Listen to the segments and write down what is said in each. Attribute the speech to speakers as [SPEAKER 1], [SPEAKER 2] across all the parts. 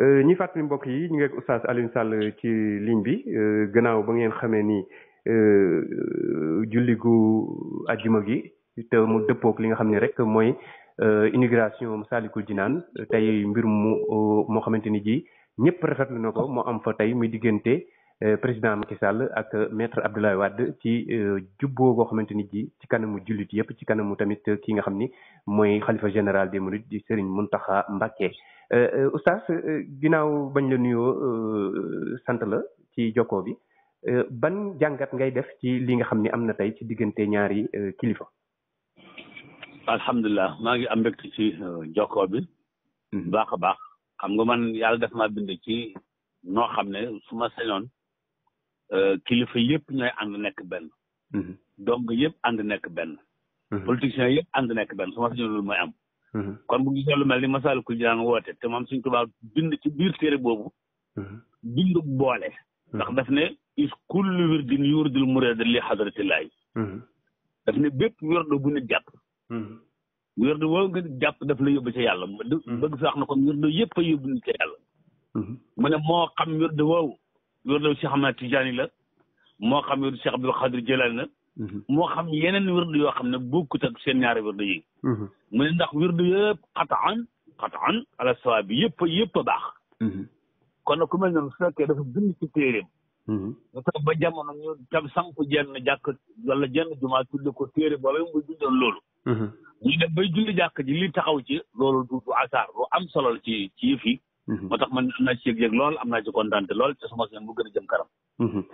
[SPEAKER 1] Euh, ñi fàttali mbokk yi ñu ngi ak oustaz Alioune Sall ci ligne bi euh, gannaaw ba ngeen xamee ni euh, julli gu ajjuma gi te mu dëppook li nga xam ni rek mooy inauguration Massalikul Jinaan tey mbir mu moo xamante ni ji ñëpp rafetlu na ko mu am fa tey muy diggante président Macky Sall ak maître Abdoulaye Wade ci jubboo goo xamante ni ji ci kanamu jullit yëpp ci kanamu tamit ki nga xam ni mooy xalifa général des mourides di mun tax Mbacké. Euh, euh, oustaz euh, ginaaw bañ la nuyoo sant la ci jokkoo bi ban jàngat ngay def ci li nga xam ni am na tey ci diggante ñaari kilifa.
[SPEAKER 2] alhamdulilah maa ngi am mbégte ci jokkoo bi. Mhm. baax baax. xam nga man yàlla def ma bind ci noo xam ne su ma sañoon kilifa yëpp ñooy ànd nekk benn. Mhm. donc yëpp ànd nekk benn.
[SPEAKER 3] Mhm. politiciens
[SPEAKER 2] yëpp ànd nekk benn su ma sañoon mooy am. Mhm. kon bu gisee lu mel ni Masaalikul Jinaan woote te moom suñ tubaab bind ci biir téere boobu. Mhm. bind boole. Mhm. ndax daf ne is kullu wirdin yurdil murid li xadratillaay. daf bépp wirdu bu nit jàpp. wirdu woo nga jàpp daf la yóbbu ca yàlla. bëgg fi wax na kon wirdu yëpp a yóbbu nit ca yàlla. mu ne moo xam wirdu woowu. wirdu Cheikh Ahmad Tijaani la. moo xam wirdu Cheikh Abdul Xaadir Jilaani la. moo xam yeneen wirdu yoo xam ne bokkut ak seen ñaari wirdu yi. Mm-hmm. mu ne ndax wirdu yëpp xataan xataan ala sawa bi yëpp a yëpp a baax mm-hmm. kon nag ku mel noonu su fekkee dafa ci téeréem da mm-hmm. ba jamono ñu tam samp jenn jàkk wala jenn jumaa tudde ko téere booba mu bindoon loolu ñu jàkk ji li taxaw ci loolu du du asaar am solo ci ci yëf Mm-hmm. moo tax man naa ci yëg-yëg lool am naa ci kontaan lool te sama seen mu gën a jëm kanam.
[SPEAKER 1] Mm-hmm.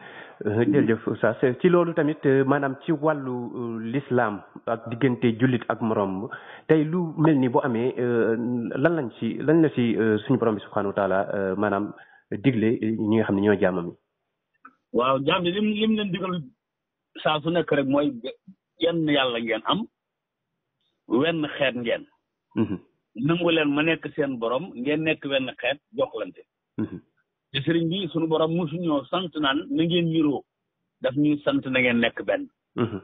[SPEAKER 1] Euh, jërëjëf ci loolu tamit euh, maanaam ci wàllu euh, lislaam ak diggante jullit ak moroom tey lu mel ni bu amee lan lañ ci lan la ci suñu borom bi subxanahu wa maanaam digle ñi nga xam ne ñoo jaamam yi.
[SPEAKER 2] waaw jaam lim lim leen digal saa su nekk rek mooy genn yàlla ngeen am wenn xeet ngeen. Mm-hmm. nangu leen ma nekk seen borom ngeen nekk benn xeet jokkalante mhm. te sëriñ bi suñu borom mosuñoo sant naan na ngeen niroo daf ñuy sant na ngeen nekk benn mhm.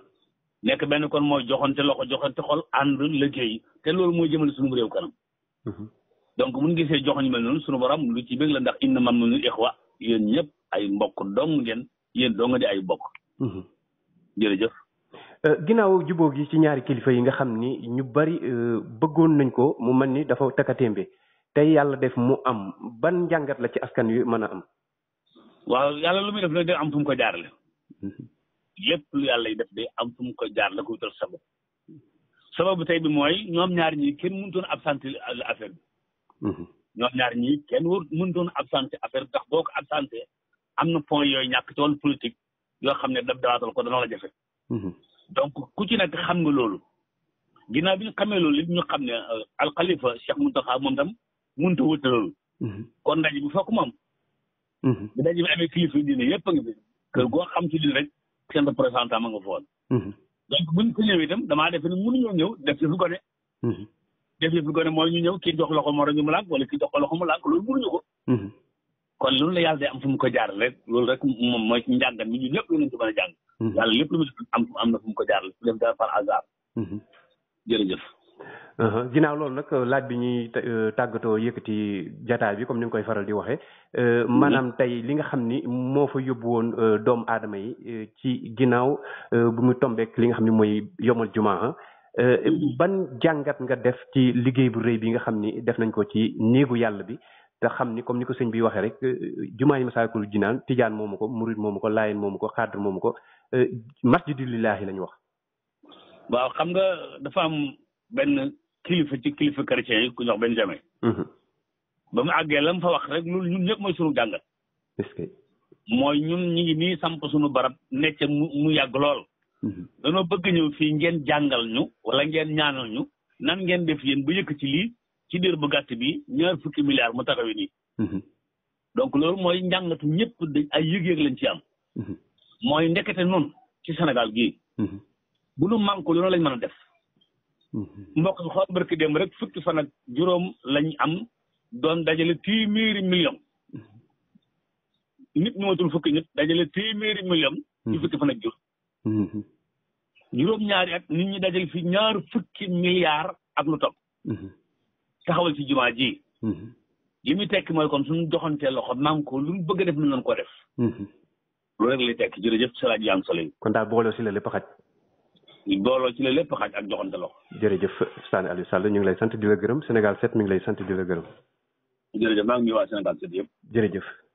[SPEAKER 2] nekk benn kon mooy joxante loxo joxante xol ànd liggéey te loolu mooy jëmale suñu réew kanam mhm. donc mun gisee joxoñ mel noonu sunu borom lu ci bëgg la ndax inna man nu ixwa yéen ñëpp ay mbokk dong ngeen yéen dong di ay mbokk jërëjëf
[SPEAKER 1] Euh, ginnaaw jubóo gi ci ñaari kilifa yi nga xam ni ñu bari euh, bëggoon nañ ko mu mel ni dafa takatémbe tey yàlla def mu am ban njàngat la ci askan wi mën a am.
[SPEAKER 2] waaw yàlla lu muy def nag day am fu ko jaarale. Mhm. lépp lu yàlla def day am fu ko jaarale ko wutal sabab. sababu tey bi mooy ñoom ñaar ñii kenn mënutoon absenté affaire bi. Mhm. ñoom ñaar ñii kenn warut mënutoon absenté affaire bi ndax boo ko absenté am na point yooyu ñàkk ci wàllu yoo xam ne dab dawaatal ko dana la jafe. Mhm. ci nag xam nga loolu ginnaaw bi ñu xamee loolu it ñu xam ne euh, alxalifa Cheikh Mountakha moom tam mënut a wëtte loolu. Mhm. kon ndaje bi fokk moom. Mhm. bi ndaje bi amee kilifa diine yëpp a ngi fi. kër goo xam ci diine rek seen représentant ma nga foon. Mhm. donc buñ ko ñëwee itam damaa defe ne mënuñoo ñëw def ci fi gone. def ci fi gone mooy ñu ñëw kii jox loxo moroom mu lànk wala kii jox ko loxo mu lànk loolu mënuñu ko. kon loolu la yàlla day am fu mu ko jaar rek loolu rek moom mooy ci njàngat mi ñu ñëpp loolu lañ ko yàlla mhm. lépp am na ko jaarale su def
[SPEAKER 1] mhm. uh-huh. loolu nag uh, laaj bi ñuy uh, tàggatoo yëkkati jataay bi comme ni nga koy faral di waxee uh, mhm. maanaam tey li nga xam ni moo fa yóbbu woon doomu aadama yi ci ginnaaw bu mu tombeek li nga xam ni mooy yomal jumaa ban jàngat nga def ci liggéey bu rëy bi nga xam ni def nañ ko ci néegu yàlla bi te xam ni comme ni ko sëñ bi waxee rek jumaa yi Masaalikul Jinaan tijaan moomu ko murit moomu ko laayeen moomu ko xaadir moomu ko Euh, masjidu lillaahi lañu wax.
[SPEAKER 2] waaw xam nga dafa am benn kilifa ci kilifa chrétien yi ku ñuy wax Benjamin. Mhm. ba mu àggee la mu fa wax rek loolu ñun ñëpp mooy sunu jàngat. est-ce que mooy ñun ñu ngi samp sunu barab necc mu yàgg lool. Mhm. danoo bëgg ñëw fii ngeen jàngal ñu wala ngeen ñaanal ñu nan ngeen def yéen ba yëkk ci lii ci diir bu gàtt bi ñaar fukki milliards mu taxawi nii. Mhm. donc loolu mooy njàngatu ñëpp ay yëg-yëg lañ ci am. mooy ndekete noonu ci Sénégal gi mm-hmm. bu nu manqué loolu lañ mën a def. Mm-hmm. mbokk bi xool barki démb rek fukki fan juróom lañ am doon dajale téeméeri million. Mm-hmm. nit ñu matul fukki nit dajale téeméeri million. ci fukki fan ak at nit ñi dajale fi ñaar fukki milliards ak lu topp. taxawal ci jumaa ji. li muy tekki mooy kon suñu joxante loxo manqué lu mu bëgg a def mën ko def. loolu rek lay tekk jërëjëf sa laaj yi am solo yi. kon daal booloo si la lépp xaj. booloo si la lépp xaj ak joxante loxo.
[SPEAKER 1] jërëjëf Sane Aliou Sall ñu ngi lay sant di la gërëm Sénégal set mi ngi lay sant di la gërëm.
[SPEAKER 2] jërëjëf maa ngi nuyuwaat Sénégal 7 yëpp.
[SPEAKER 1] jërëjëf.